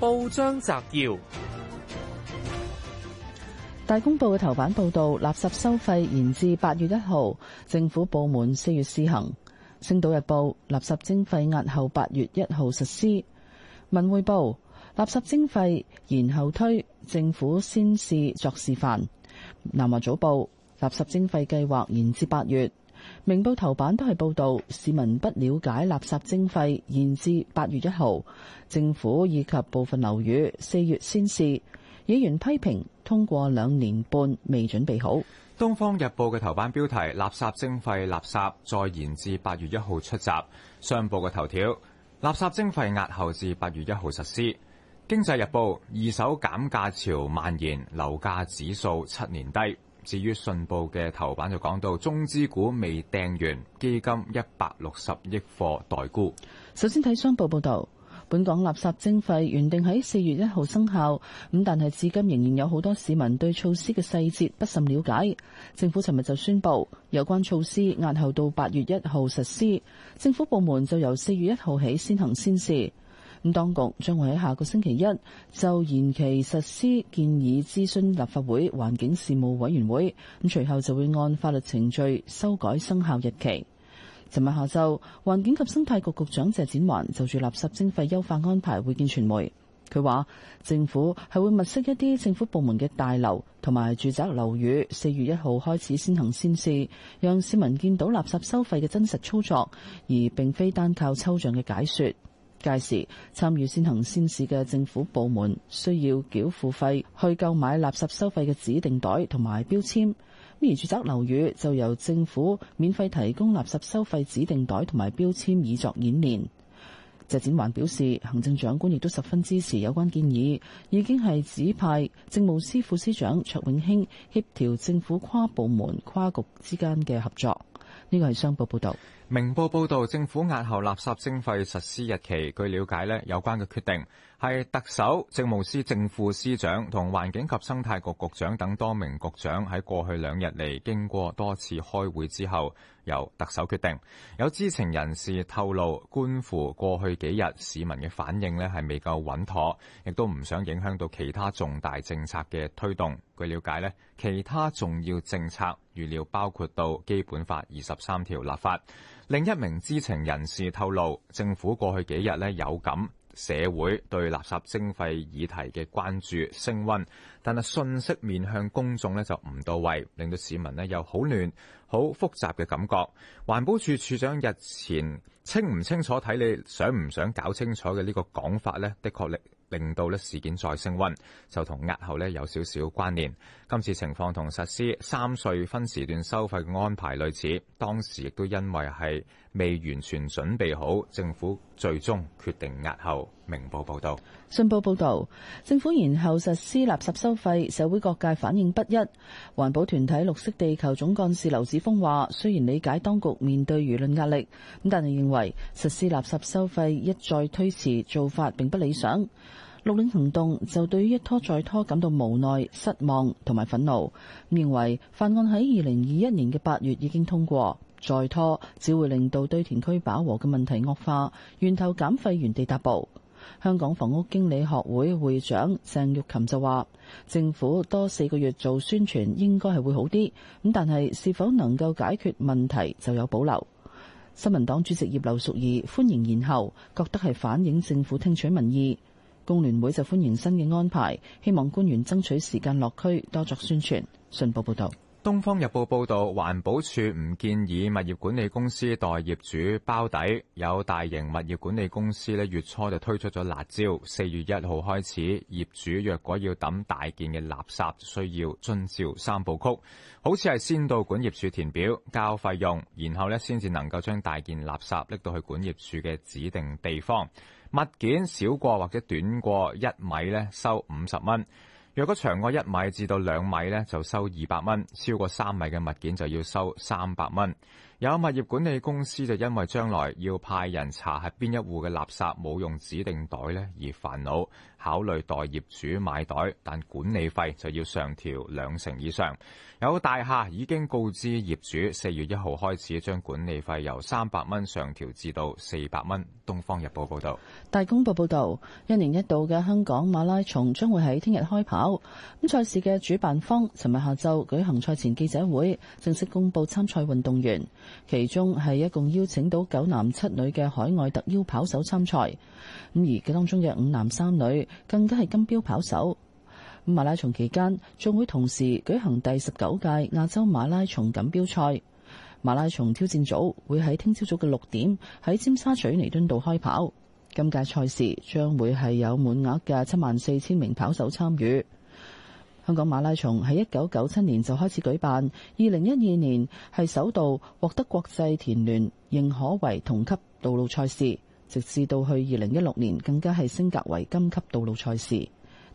報章摘要：大公報嘅頭版報道，垃圾收費延至八月一號，政府部門四月施行；星島日報垃圾徵費押後八月一號實施；文匯報垃圾徵費延後推，政府先試作示範；南華早報垃圾徵費計劃延至八月。明報頭版都係報道市民不了解垃圾徵費延至八月一號，政府以及部分樓宇四月先試。議員批評通過兩年半未準備好。東方日報嘅頭版標題：垃圾徵費垃圾再延至八月一號出閘。商報嘅頭條：垃圾徵費押後至八月一號實施。經濟日報二手減價潮蔓延，樓價指數七年低。至於信報嘅頭版就講到，中資股未掟完基金一百六十億貨待沽。首先睇商報報道，本港垃圾徵費原定喺四月一號生效，咁但係至今仍然有好多市民對措施嘅細節不甚了解。政府尋日就宣布有關措施押後到八月一號實施，政府部門就由四月一號起先行先試。咁，當局將會喺下個星期一就延期實施建議諮詢立法會環境事務委員會。咁，隨後就會按法律程序修改生效日期。尋日下晝，環境及生態局局局長謝展環就住垃圾徵費優化安排會見傳媒，佢話：政府係會物色一啲政府部門嘅大樓同埋住宅樓宇，四月一號開始先行先試，讓市民見到垃圾收費嘅真實操作，而並非單靠抽象嘅解説。屆時參與先行先試嘅政府部門需要繳付費去購買垃圾收費嘅指定袋同埋標籤，而住宅樓宇就由政府免費提供垃圾收費指定袋同埋標籤以作演練。謝展寰表示，行政長官亦都十分支持有關建議，已經係指派政務司副司長卓永興協調政府跨部門、跨局之間嘅合作。呢個係商報報道，明報報道，政府押後垃圾徵費實施日期。據了解呢，有關嘅決定。係特首政務司正副司長同環境及生態局局長等多名局長喺過去兩日嚟，經過多次開會之後，由特首決定。有知情人士透露，關乎過去幾日市民嘅反應呢，係未夠穩妥，亦都唔想影響到其他重大政策嘅推動。據了解呢，其他重要政策預料包括到《基本法》二十三條立法。另一名知情人士透露，政府過去幾日呢有感。社會對垃圾徵費議題嘅關注升溫，但係信息面向公眾呢就唔到位，令到市民呢又好亂、好複雜嘅感覺。環保署署長日前清唔清楚，睇你想唔想搞清楚嘅呢個講法呢，的確令令到呢事件再升溫，就同押後呢有少少關聯。今次情況同實施三隧分時段收費嘅安排類似，當時亦都因為係未完全準備好政府，最終決定押後。明報報道，信報報道，政府延後實施垃圾收費，社會各界反應不一。環保團體綠色地球總幹事劉子峰話，雖然理解當局面對輿論壓力，咁但係認為實施垃圾收費一再推遲做法並不理想。綠領行動就對於一拖再拖感到無奈、失望同埋憤怒，咁認為法案喺二零二一年嘅八月已經通過。再拖，只會令到堆填區飽和嘅問題惡化，源頭減廢原地踏步。香港房屋經理學會會長鄭玉琴就話，政府多四個月做宣傳，應該係會好啲，咁但係是否能夠解決問題就有保留。新民黨主席葉劉淑儀歡迎延後，覺得係反映政府聽取民意。工聯會就歡迎新嘅安排，希望官員爭取時間落區多作宣傳。信報報道。《東方日報》報道，環保署唔建議物業管理公司代業主包底。有大型物業管理公司咧，月初就推出咗辣招，四月一號開始，業主若果要抌大件嘅垃圾，需要遵照三部曲。好似係先到管業處填表交費用，然後咧先至能夠將大件垃圾拎到去管業處嘅指定地方。物件少過或者短過一米咧，收五十蚊。若果長過一米至到兩米咧，就收二百蚊；超過三米嘅物件就要收三百蚊。有物業管理公司就因為將來要派人查係邊一戶嘅垃圾冇用指定袋咧，而煩惱考慮代業主買袋，但管理費就要上調兩成以上。有大廈已經告知業主，四月一號開始將管理費由三百蚊上調至到四百蚊。東方日報報道，大公報報道，一年一度嘅香港馬拉松將會喺聽日開跑。咁賽事嘅主辦方尋日下晝舉行賽前記者會，正式公布參賽運動員。其中係一共邀請到九男七女嘅海外特邀跑手參賽，咁而佢當中嘅五男三女更加係金標跑手。咁馬拉松期間，仲會同時舉行第十九屆亞洲馬拉松錦標賽。馬拉松挑戰組會喺聽朝早嘅六點喺尖沙咀彌敦道開跑。今屆賽事將會係有滿額嘅七萬四千名跑手參與。香港馬拉松喺一九九七年就開始舉辦，二零一二年係首度獲得國際田聯認可為同級道路賽事，直至到去二零一六年更加係升格為金級道路賽事。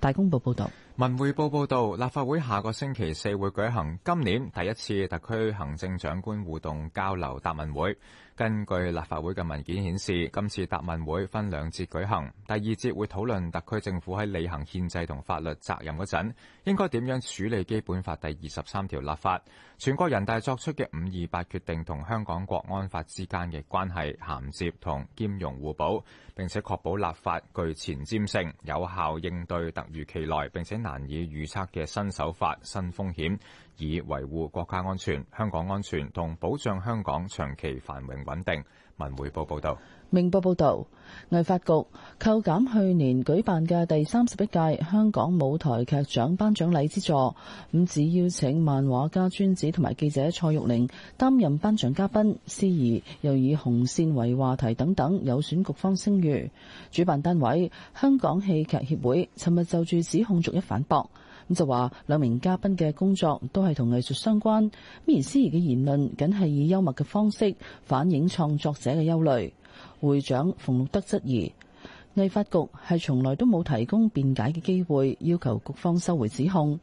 大公報報道。文匯報報道：立法會下個星期四會舉行今年第一次特區行政長官互動交流答問會。根據立法會嘅文件顯示，今次答問會分兩節舉行，第二節會討論特區政府喺履行憲制同法律責任嗰陣，應該點樣處理《基本法》第二十三條立法、全國人大作出嘅《五二八決定》同香港國安法之間嘅關係，銜接同兼容互補，並且確保立法具前瞻性，有效應對突如其來並且難以預測嘅新手法、新風險。以維護國家安全、香港安全同保障香港長期繁榮穩定。文匯報報道：明報報道，藝發局扣減去年舉辦嘅第三十一屆香港舞台劇獎頒獎禮資助，咁只邀請漫畫家尊子同埋記者蔡玉玲擔任頒獎嘉賓，司儀又以紅線為話題等等，有損局方聲譽。主辦單位香港戲劇協會尋日就住指控逐一反駁。咁就話兩名嘉賓嘅工作都係同藝術相關，言而思儀嘅言論僅係以幽默嘅方式反映創作者嘅憂慮。會長馮祿德質疑藝發局係從來都冇提供辯解嘅機會，要求局方收回指控。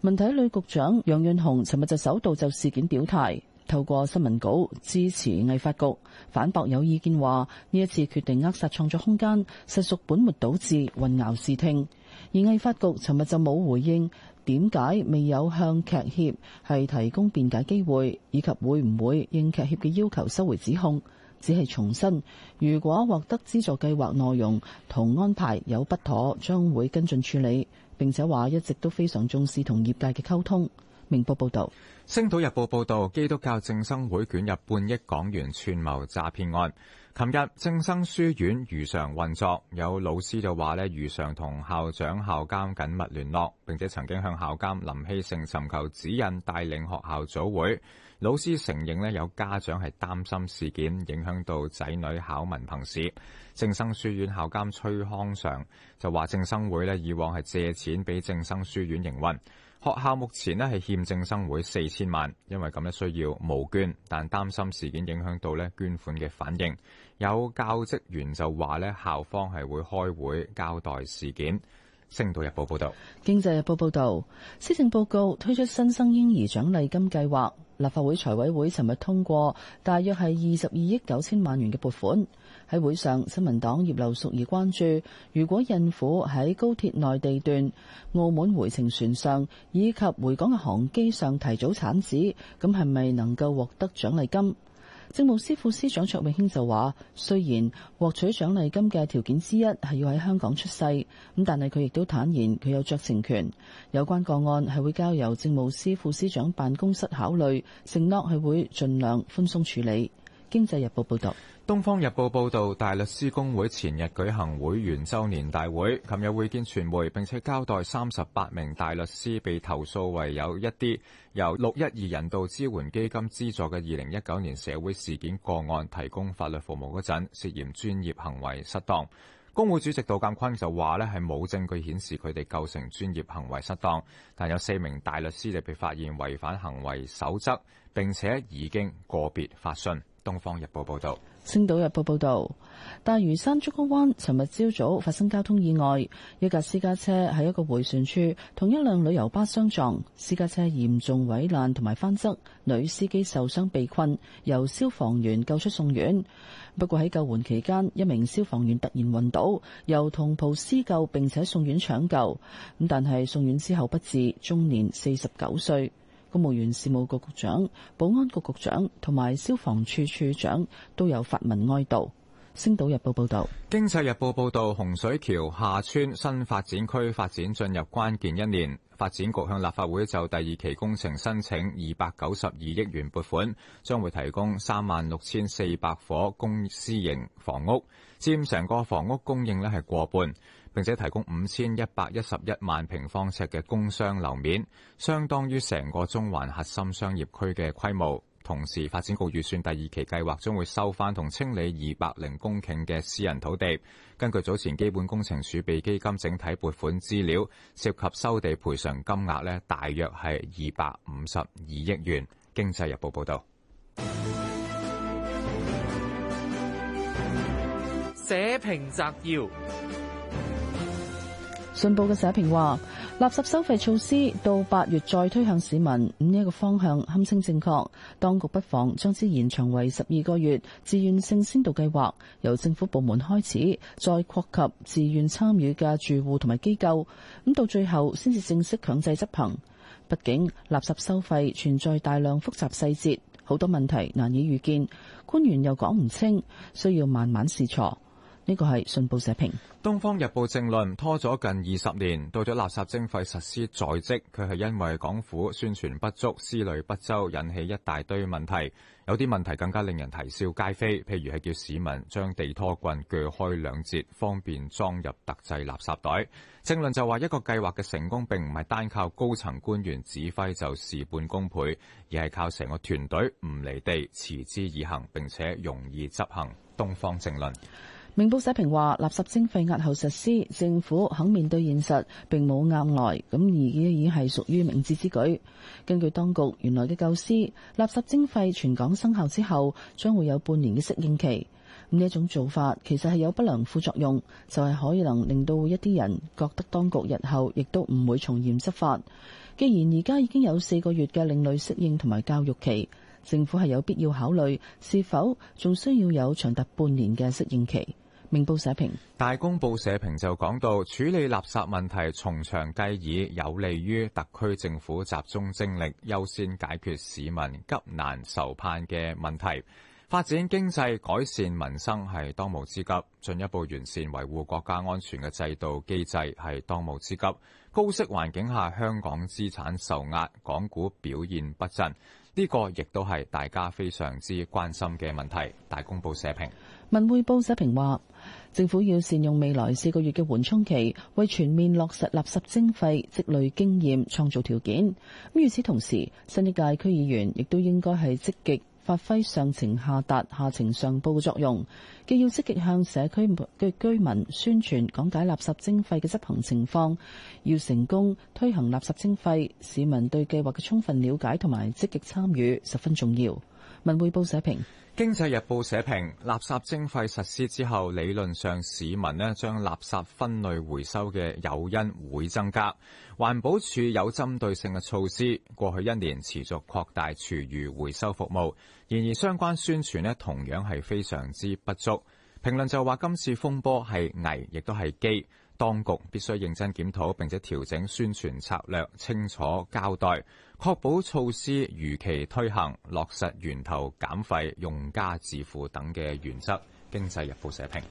文體旅局長楊潤雄尋日就首度就事件表態，透過新聞稿支持藝發局，反駁有意見話呢一次決定扼殺創作空間，實屬本末倒置、混淆視聽。而藝發局尋日就冇回應，點解未有向劇協係提供辯解機會，以及會唔會應劇協嘅要求收回指控？只係重申，如果獲得資助計劃內容同安排有不妥，將會跟進處理，並且話一直都非常重視同業界嘅溝通。明報報道，《星島日報》報道基督教正生會捲入半億港元串謀詐騙案。琴日，正生書院如常運作，有老師就話咧如常同校長校監緊密聯絡，並且曾經向校監林希聖尋求指引帶領學校組會。老師承認咧有家長係擔心事件影響到仔女考文憑試。正生書院校監崔康常就話正生會咧以往係借錢俾正生書院營運。學校目前咧係欠正生會四千萬，因為咁樣需要募捐，但擔心事件影響到咧捐款嘅反應。有教職員就話咧校方係會開會交代事件。星島日報報道，經濟日報報道，施政報告推出新生嬰兒獎勵金計劃，立法會財委會尋日通過，大約係二十二億九千萬元嘅撥款。喺會上，新民黨葉劉淑儀關注，如果孕婦喺高鐵內地段、澳門回程船上以及回港嘅航機上提早產子，咁係咪能夠獲得獎勵金？政務司副司長卓永興就話，雖然獲取獎勵金嘅條件之一係要喺香港出世，咁但係佢亦都坦言佢有酌情權，有關個案係會交由政務司副司長辦公室考慮，承諾係會盡量寬鬆處理。經濟日報報道。《東方日報》報道，大律師公會前日舉行會員週年大會，琴日會見傳媒，並且交代三十八名大律師被投訴，為有一啲由六一二人道支援基金資助嘅二零一九年社會事件個案提供法律服務嗰陣，涉嫌專業行為失當。公會主席杜鑑坤就話呢，係冇證據顯示佢哋構成專業行為失當，但有四名大律師就被發現違反行為守則，並且已經個別發信。《東方日報》報導，《星島日報》報導，大嶼山竹篙灣尋日朝早發生交通意外，一架私家車喺一個回旋處同一輛旅遊巴相撞，私家車嚴重毀爛同埋翻側，女司機受傷被困，由消防員救出送院。不過喺救援期間，一名消防員突然暈倒，由同袍施救並且送院搶救，咁但係送院之後不治，終年四十九歲。公務員事務局局長、保安局局長同埋消防處處長都有發文哀悼。星島日報報道，經濟日報報道，洪水橋下村新發展區發展進入關鍵一年，發展局向立法會就第二期工程申請二百九十二億元撥款，將會提供三萬六千四百伙公私營房屋，佔成個房屋供應率係過半。並且提供五千一百一十一萬平方尺嘅工商樓面，相當於成個中環核心商業區嘅規模。同時，發展局預算第二期計劃將會收翻同清理二百零公頃嘅私人土地。根據早前基本工程儲備基金整體撥款資料，涉及收地賠償金額呢，大約係二百五十二億元。經濟日報報道。社評摘要。信報嘅社評話：垃圾收費措施到八月再推向市民，呢一個方向堪稱正確。當局不妨將之延長為十二個月，自願性先導計劃由政府部門開始，再擴及自願參與嘅住戶同埋機構，咁到最後先至正式強制執行。畢竟垃圾收費存在大量複雜細節，好多問題難以預見，官員又講唔清，需要慢慢試錯。.呢個係信報社評。《東方日報》政論拖咗近二十年，到咗垃圾徵費實施在即，佢係因為港府宣傳不足、思慮不周，引起一大堆問題。有啲問題更加令人啼笑皆非，譬如係叫市民將地拖棍鋸開兩截，方便裝入特製垃圾袋。政論就話一個計劃嘅成功，並唔係單靠高層官員指揮就事半功倍，而係靠成個團隊唔離地、持之以恒，並且容易執行。東方政論。明報社評話：垃圾徵費押後實施，政府肯面對現實並冇硬來，咁而已已經係屬於明智之舉。根據當局原來嘅構思，垃圾徵費全港生效之後，將會有半年嘅適應期。呢一種做法其實係有不良副作用，就係、是、可以能令到一啲人覺得當局日後亦都唔會從嚴執法。既然而家已經有四個月嘅另類適應同埋教育期，政府係有必要考慮是否仲需要有長達半年嘅適應期。明報社評，大公報社評就講到，處理垃圾問題從長計議，有利於特區政府集中精力優先解決市民急難愁盼嘅問題。發展經濟改善民生係當務之急，進一步完善維護國家安全嘅制度機制係當務之急。高息環境下，香港資產受壓，港股表現不振。呢個亦都係大家非常之關心嘅問題，大公報社評，文匯報社評話，政府要善用未來四個月嘅緩衝期，為全面落實垃圾徵費積累經驗，創造條件。咁，與此同時，新一屆區議員亦都應該係積極。發揮上情下達、下情上報嘅作用，既要積極向社區嘅居民宣傳講解垃圾徵費嘅執行情況，要成功推行垃圾徵費，市民對計劃嘅充分了解同埋積極參與十分重要。文匯報社評，經濟日報社評，垃圾徵費實施之後，理論上市民呢將垃圾分類回收嘅誘因會增加。環保署有針對性嘅措施，過去一年持續擴大廚餘回收服務。然而相關宣傳呢同樣係非常之不足。評論就話今次風波係危亦都係機。當局必須認真檢討並且調整宣傳策略，清楚交代，確保措施如期推行，落實源頭減廢、用家自付等嘅原則。經濟日報社評。